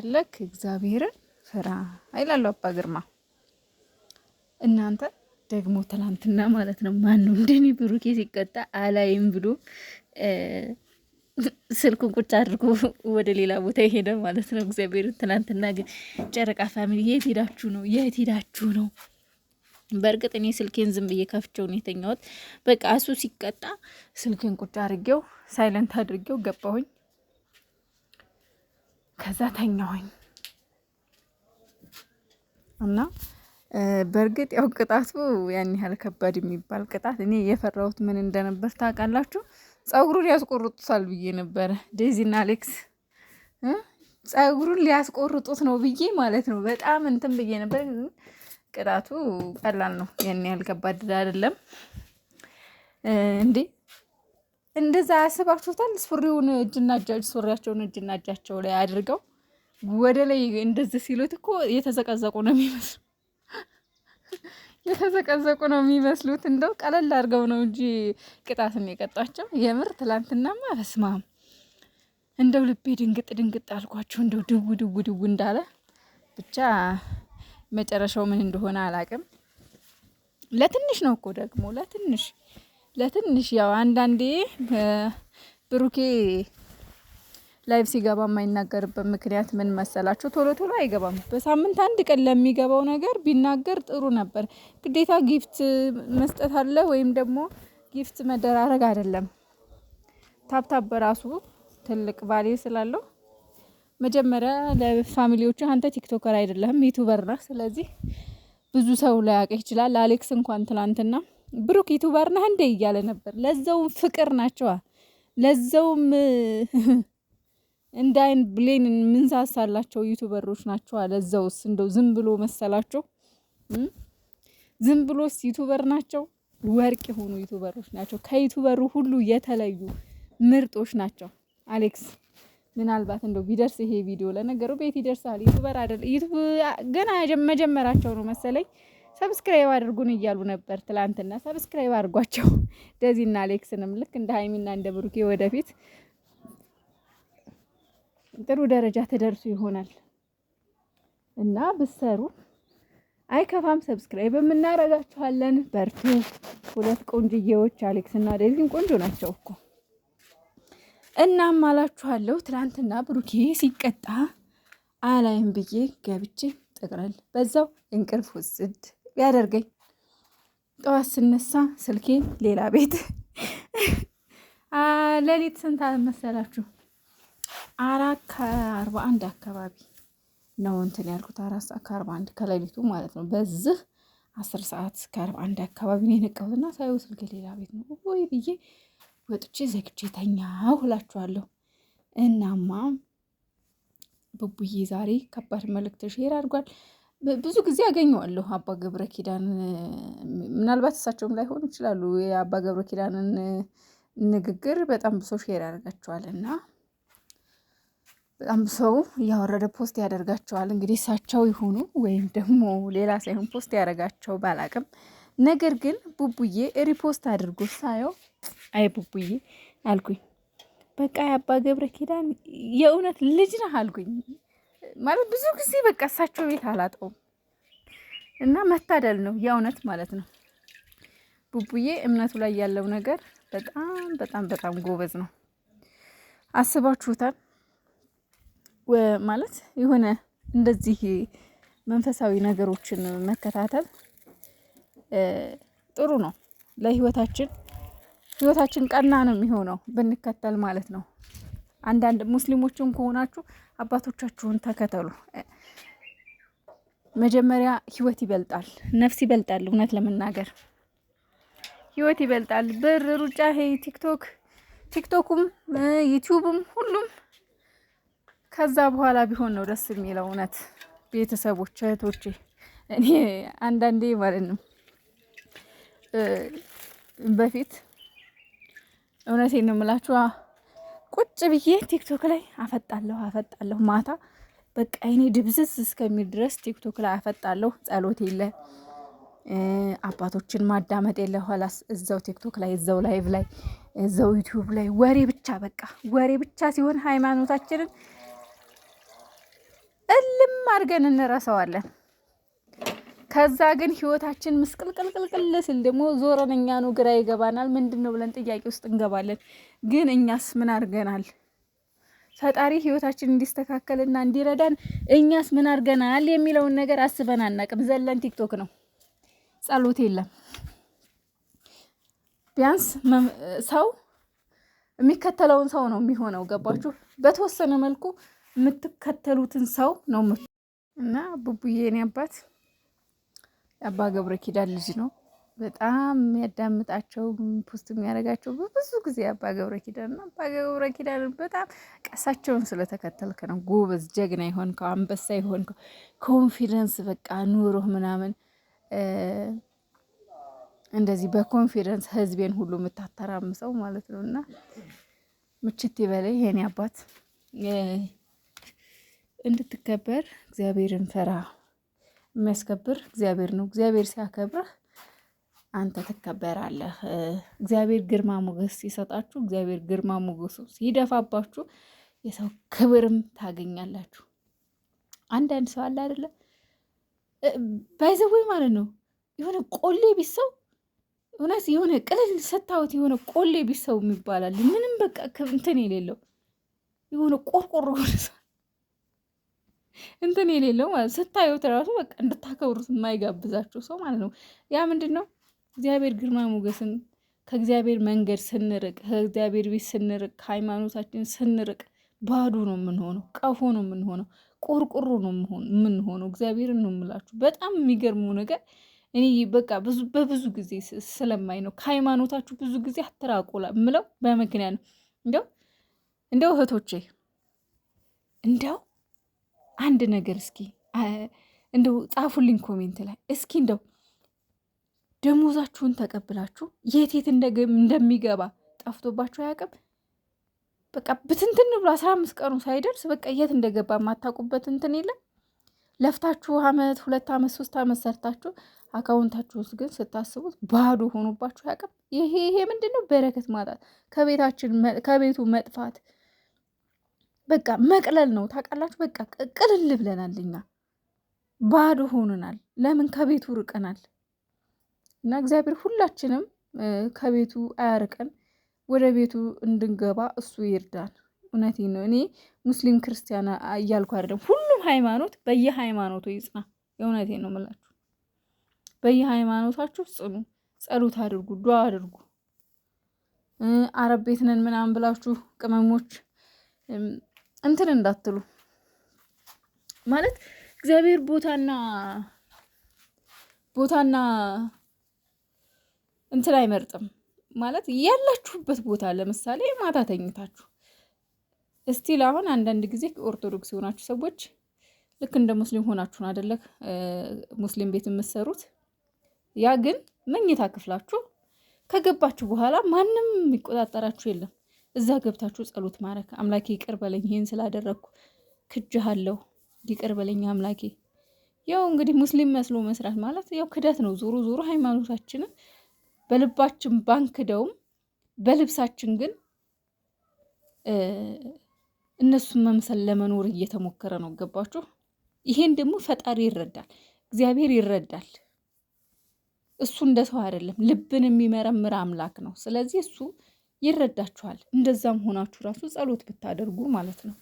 ከፈለክ እግዚአብሔርን ፍራ ይላሉ አባ ግርማ። እናንተ ደግሞ ትናንትና ማለት ነው ማነው እንደኔ ብሩኬ ሲቀጣ አላይም ብሎ ስልኩን ቁጭ አድርጎ ወደ ሌላ ቦታ የሄደ ማለት ነው። እግዚአብሔር ትናንትና ግን ጨረቃ ፋሚሊ የት ሄዳችሁ ነው? የት ሄዳችሁ ነው? በእርግጥ እኔ ስልኬን ዝም ብዬ ከፍቼው ነው የተኛሁት። በቃ እሱ ሲቀጣ ስልኬን ቁጭ አድርጌው ሳይለንት አድርጌው ገባሁኝ። ከዛ ተኛሁኝ እና በእርግጥ ያው ቅጣቱ ያን ያህል ከባድ የሚባል ቅጣት እኔ የፈራሁት ምን እንደነበር ታውቃላችሁ? ጸጉሩን ሊያስቆርጡታል ብዬ ነበረ። ዴዚና አሌክስ ጸጉሩን ሊያስቆርጡት ነው ብዬ ማለት ነው። በጣም እንትን ብዬ ነበር። ቅጣቱ ቀላል ነው፣ ያን ያህል ከባድ አይደለም እንዴ እንደዛ አስባችሁታል? ሱሪውን እጅና እጃቸው ሱሪያቸውን እጅና እጃቸው ላይ አድርገው ወደ ላይ እንደዚህ ሲሉት እኮ የተዘቀዘቁ ነው የሚመስሉ የተዘቀዘቁ ነው የሚመስሉት። እንደው ቀለል አድርገው ነው እንጂ ቅጣትም የቀጧቸው። የምር ትላንትናማ በስማም እንደው ልቤ ድንግጥ ድንግጥ አልኳቸው። እንደው ድው ድው ድው እንዳለ ብቻ መጨረሻው ምን እንደሆነ አላቅም። ለትንሽ ነው እኮ ደግሞ ለትንሽ ለትንሽ ያው አንዳንዴ ብሩኬ ላይቭ ሲገባ የማይናገርበት ምክንያት ምን መሰላችሁ? ቶሎ ቶሎ አይገባም። በሳምንት አንድ ቀን ለሚገባው ነገር ቢናገር ጥሩ ነበር። ግዴታ ጊፍት መስጠት አለ ወይም ደግሞ ጊፍት መደራረግ አይደለም። ታብታብ በራሱ ትልቅ ቫሌ ስላለው መጀመሪያ ለፋሚሊዎቹ አንተ ቲክቶከር አይደለም ዩቱበር ነህ። ስለዚህ ብዙ ሰው ላያውቅህ ይችላል። አሌክስ እንኳን ትላንትና ብሩክ ዩቱበር ነህ እንዴ እያለ ነበር። ለዛውም ፍቅር ናቸዋ። ለዛውም እንደ አይን ብሌን የምንሳሳላቸው ዩቱበሮች ናቸዋ። ለዛውስ እንደው ዝም ብሎ መሰላቸው? ዝም ብሎስ ዩቱበር ናቸው። ወርቅ የሆኑ ዩቱበሮች ናቸው። ከዩቱበሩ ሁሉ የተለዩ ምርጦች ናቸው። አሌክስ ምናልባት እንደው ቢደርስ ይሄ ቪዲዮ ለነገሩ ቤት ይደርሳል። ዩቱበር ዩቱብ ገና መጀመራቸው ነው መሰለኝ ሰብስክራይብ አድርጉን እያሉ ነበር ትላንትና። ሰብስክራይብ አድርጓቸው ደዚና አሌክስንም ልክ እንደ ሀይሚና እንደ ብሩኬ ወደፊት ጥሩ ደረጃ ተደርሱ ይሆናል እና ብሰሩ አይከፋም። ሰብስክራይብ የምናረጋችኋለን። በርቱ። ሁለት ቆንጅዬዎች አሌክስና ደዚን ቆንጆ ናቸው እኮ እናም አላችኋለሁ። ትላንትና ብሩኬ ሲቀጣ አላይም ብዬ ገብቼ ጠቅላል በዛው እንቅልፍ ውስድ ቢያደርገኝ ጠዋት ስነሳ ስልኬ ሌላ ቤት ሌሊት ስንት መሰላችሁ? አራት ከአርባ አንድ አካባቢ ነው እንትን ያልኩት አራት ሰዓት ከአርባ አንድ ከሌሊቱ ማለት ነው። በዚህ አስር ሰዓት ከአርባ አንድ አካባቢ ነው የነቃሁትና ሳይው ስልኬ ሌላ ቤት ነው ወይ ብዬ ወጥቼ ዘግቼ ተኛሁ እላችኋለሁ። እናማ ቡቡዬ ዛሬ ከባድ መልእክት ሼር አድርጓል። ብዙ ጊዜ ያገኘዋለሁ አባ ገብረ ኪዳን ምናልባት እሳቸውም ላይሆኑ ይችላሉ። የአባ ገብረ ኪዳንን ንግግር በጣም ብሶ ሼር ያደርጋቸዋል እና በጣም ሰው እያወረደ ፖስት ያደርጋቸዋል። እንግዲህ እሳቸው ይሆኑ ወይም ደግሞ ሌላ ሳይሆን ፖስት ያደርጋቸው ባላቅም፣ ነገር ግን ቡቡዬ ሪፖስት አድርጎ ሳየው አይ ቡቡዬ አልኩኝ። በቃ የአባ ገብረ ኪዳን የእውነት ልጅ ነህ አልኩኝ። ማለት ብዙ ጊዜ በቃ እሳቸው ቤት አላጠውም እና መታደል ነው የእውነት ማለት ነው። ቡቡዬ እምነቱ ላይ ያለው ነገር በጣም በጣም በጣም ጎበዝ ነው። አስባችሁታል ማለት የሆነ እንደዚህ መንፈሳዊ ነገሮችን መከታተል ጥሩ ነው ለህይወታችን ህይወታችን ቀና ነው የሚሆነው ብንከተል ማለት ነው። አንዳንድ ሙስሊሞችን ከሆናችሁ አባቶቻችሁን ተከተሉ። መጀመሪያ ህይወት ይበልጣል፣ ነፍስ ይበልጣል። እውነት ለመናገር ህይወት ይበልጣል። ብር፣ ሩጫ፣ ሄይ ቲክቶክ ቲክቶኩም ዩቲዩብም ሁሉም ከዛ በኋላ ቢሆን ነው ደስ የሚለው። እውነት ቤተሰቦች፣ እህቶቼ እኔ አንዳንዴ ማለት ነው በፊት እውነቴን ነው የምላችሁ ቁጭ ብዬ ቲክቶክ ላይ አፈጣለሁ አፈጣለሁ ማታ በቃ አይኔ ድብዝዝ እስከሚል ድረስ ቲክቶክ ላይ አፈጣለሁ። ጸሎት የለ አባቶችን ማዳመጥ የለ ኋላስ እዛው ቲክቶክ ላይ እዛው ላይቭ ላይ እዛው ዩቲዩብ ላይ ወሬ ብቻ በቃ ወሬ ብቻ ሲሆን ሃይማኖታችንን እልም አድርገን እንረሳዋለን። ከዛ ግን ህይወታችን ምስቅልቅልቅልቅል ስል ደግሞ ዞረን እኛኑ ግራ ይገባናል። ምንድን ነው ብለን ጥያቄ ውስጥ እንገባለን። ግን እኛስ ምን አድርገናል? ፈጣሪ ህይወታችን እንዲስተካከልና እንዲረዳን እኛስ ምን አድርገናል የሚለውን ነገር አስበን አናቅም። ዘለን ቲክቶክ ነው፣ ጸሎት የለም። ቢያንስ ሰው የሚከተለውን ሰው ነው የሚሆነው። ገባችሁ? በተወሰነ መልኩ የምትከተሉትን ሰው ነው እና ቡቡዬ እኔ አባት አባ ገብረ ኪዳን ልጅ ነው። በጣም የሚያዳምጣቸው ፖስት የሚያደርጋቸው በብዙ ጊዜ አባ ገብረ ኪዳን ነው። አባ ገብረ ኪዳን በጣም ቀሳቸውን ስለተከተልክ ነው ጎበዝ፣ ጀግና የሆንከው አንበሳ የሆንከው ኮንፊደንስ በቃ ኑሮህ ምናምን እንደዚህ በኮንፊደንስ ህዝቤን ሁሉ የምታተራምሰው ማለት ነው። እና ምችት ይበለይ የኔ አባት እንድትከበር እግዚአብሔርን ፈራ የሚያስከብር እግዚአብሔር ነው። እግዚአብሔር ሲያከብርህ አንተ ትከበራለህ። እግዚአብሔር ግርማ ሞገስ ሲሰጣችሁ፣ እግዚአብሔር ግርማ ሞገሱ ሲደፋባችሁ የሰው ክብርም ታገኛላችሁ። አንዳንድ ሰው አለ አይደለ ባይዘወይ ማለት ነው የሆነ ቆሌ ቢስ ሰው እውነት የሆነ ቅልል ሰታወት የሆነ ቆሌ ቢስ ሰው የሚባላል ምንም በቃ እንትን የሌለው የሆነ ቆርቆሮ እንትን የሌለው ስታዩት ራሱ በቃ እንድታከብሩት የማይጋብዛችሁ ሰው ማለት ነው። ያ ምንድን ነው? እግዚአብሔር ግርማ ሞገስን ከእግዚአብሔር መንገድ ስንርቅ፣ ከእግዚአብሔር ቤት ስንርቅ፣ ከሃይማኖታችን ስንርቅ ባዶ ነው የምንሆነው። ቀፎ ነው የምንሆነው። ቆርቆሮ ነው የምንሆነው። እግዚአብሔር ነው የምላችሁ። በጣም የሚገርመው ነገር እኔ በቃ በብዙ ጊዜ ስለማይ ነው ከሃይማኖታችሁ ብዙ ጊዜ አትራቁላ ምለው በምክንያት ነው። እንደው እንደው እህቶቼ እንደው አንድ ነገር እስኪ እንደው ጻፉልኝ ኮሜንት ላይ እስኪ እንደው ደሞዛችሁን ተቀብላችሁ የት የት እንደሚገባ ጠፍቶባችሁ አያውቅም? በቃ ብትንትን ብሎ አስራ አምስት ቀኑ ሳይደርስ በቃ የት እንደገባ የማታውቁበት እንትን የለም። ለፍታችሁ አመት ሁለት አመት ሶስት አመት ሰርታችሁ አካውንታችሁስ ግን ስታስቡት ባዶ ሆኖባችሁ ያቅም። ይሄ ይሄ ምንድን ነው? በረከት ማጣት፣ ከቤታችን ከቤቱ መጥፋት በቃ መቅለል ነው ታውቃላችሁ። በቃ ቅልል ብለናል፣ እኛ ባዶ ሆኑናል። ለምን ከቤቱ ርቀናል። እና እግዚአብሔር ሁላችንም ከቤቱ አያርቀን፣ ወደ ቤቱ እንድንገባ እሱ ይርዳን። እውነቴን ነው። እኔ ሙስሊም ክርስቲያን እያልኩ አይደለም። ሁሉም ሃይማኖት በየሃይማኖቱ ይጽና። የእውነቴን ነው የምላችሁ። በየሃይማኖታችሁ ጽኑ፣ ጸሎት አድርጉ፣ ዱዓ አድርጉ። አረብ ቤት ነን ምናምን ብላችሁ ቅመሞች እንትን እንዳትሉ ማለት እግዚአብሔር ቦታና ቦታና እንትን አይመርጥም። ማለት ያላችሁበት ቦታ ለምሳሌ ማታ ተኝታችሁ እስቲል አሁን አንዳንድ ጊዜ ኦርቶዶክስ የሆናችሁ ሰዎች ልክ እንደ ሙስሊም ሆናችሁን አደለ ሙስሊም ቤት የምትሰሩት ያ ግን መኝታ ክፍላችሁ ከገባችሁ በኋላ ማንም የሚቆጣጠራችሁ የለም። እዛ ገብታችሁ ጸሎት ማድረግ አምላኬ ይቅር በለኝ፣ ይህን ስላደረግኩ ክጅሃለሁ፣ ይቅር በለኝ አምላኬ። ያው እንግዲህ ሙስሊም መስሎ መስራት ማለት ያው ክደት ነው። ዞሮ ዞሮ ሃይማኖታችንን በልባችን ባንክደውም በልብሳችን ግን እነሱን መምሰል ለመኖር እየተሞከረ ነው። ገባችሁ? ይሄን ደግሞ ፈጣሪ ይረዳል፣ እግዚአብሔር ይረዳል። እሱ እንደ ሰው አይደለም፣ ልብን የሚመረምር አምላክ ነው። ስለዚህ እሱ ይረዳችኋል። እንደዛም ሆናችሁ ራሱ ጸሎት ብታደርጉ ማለት ነው።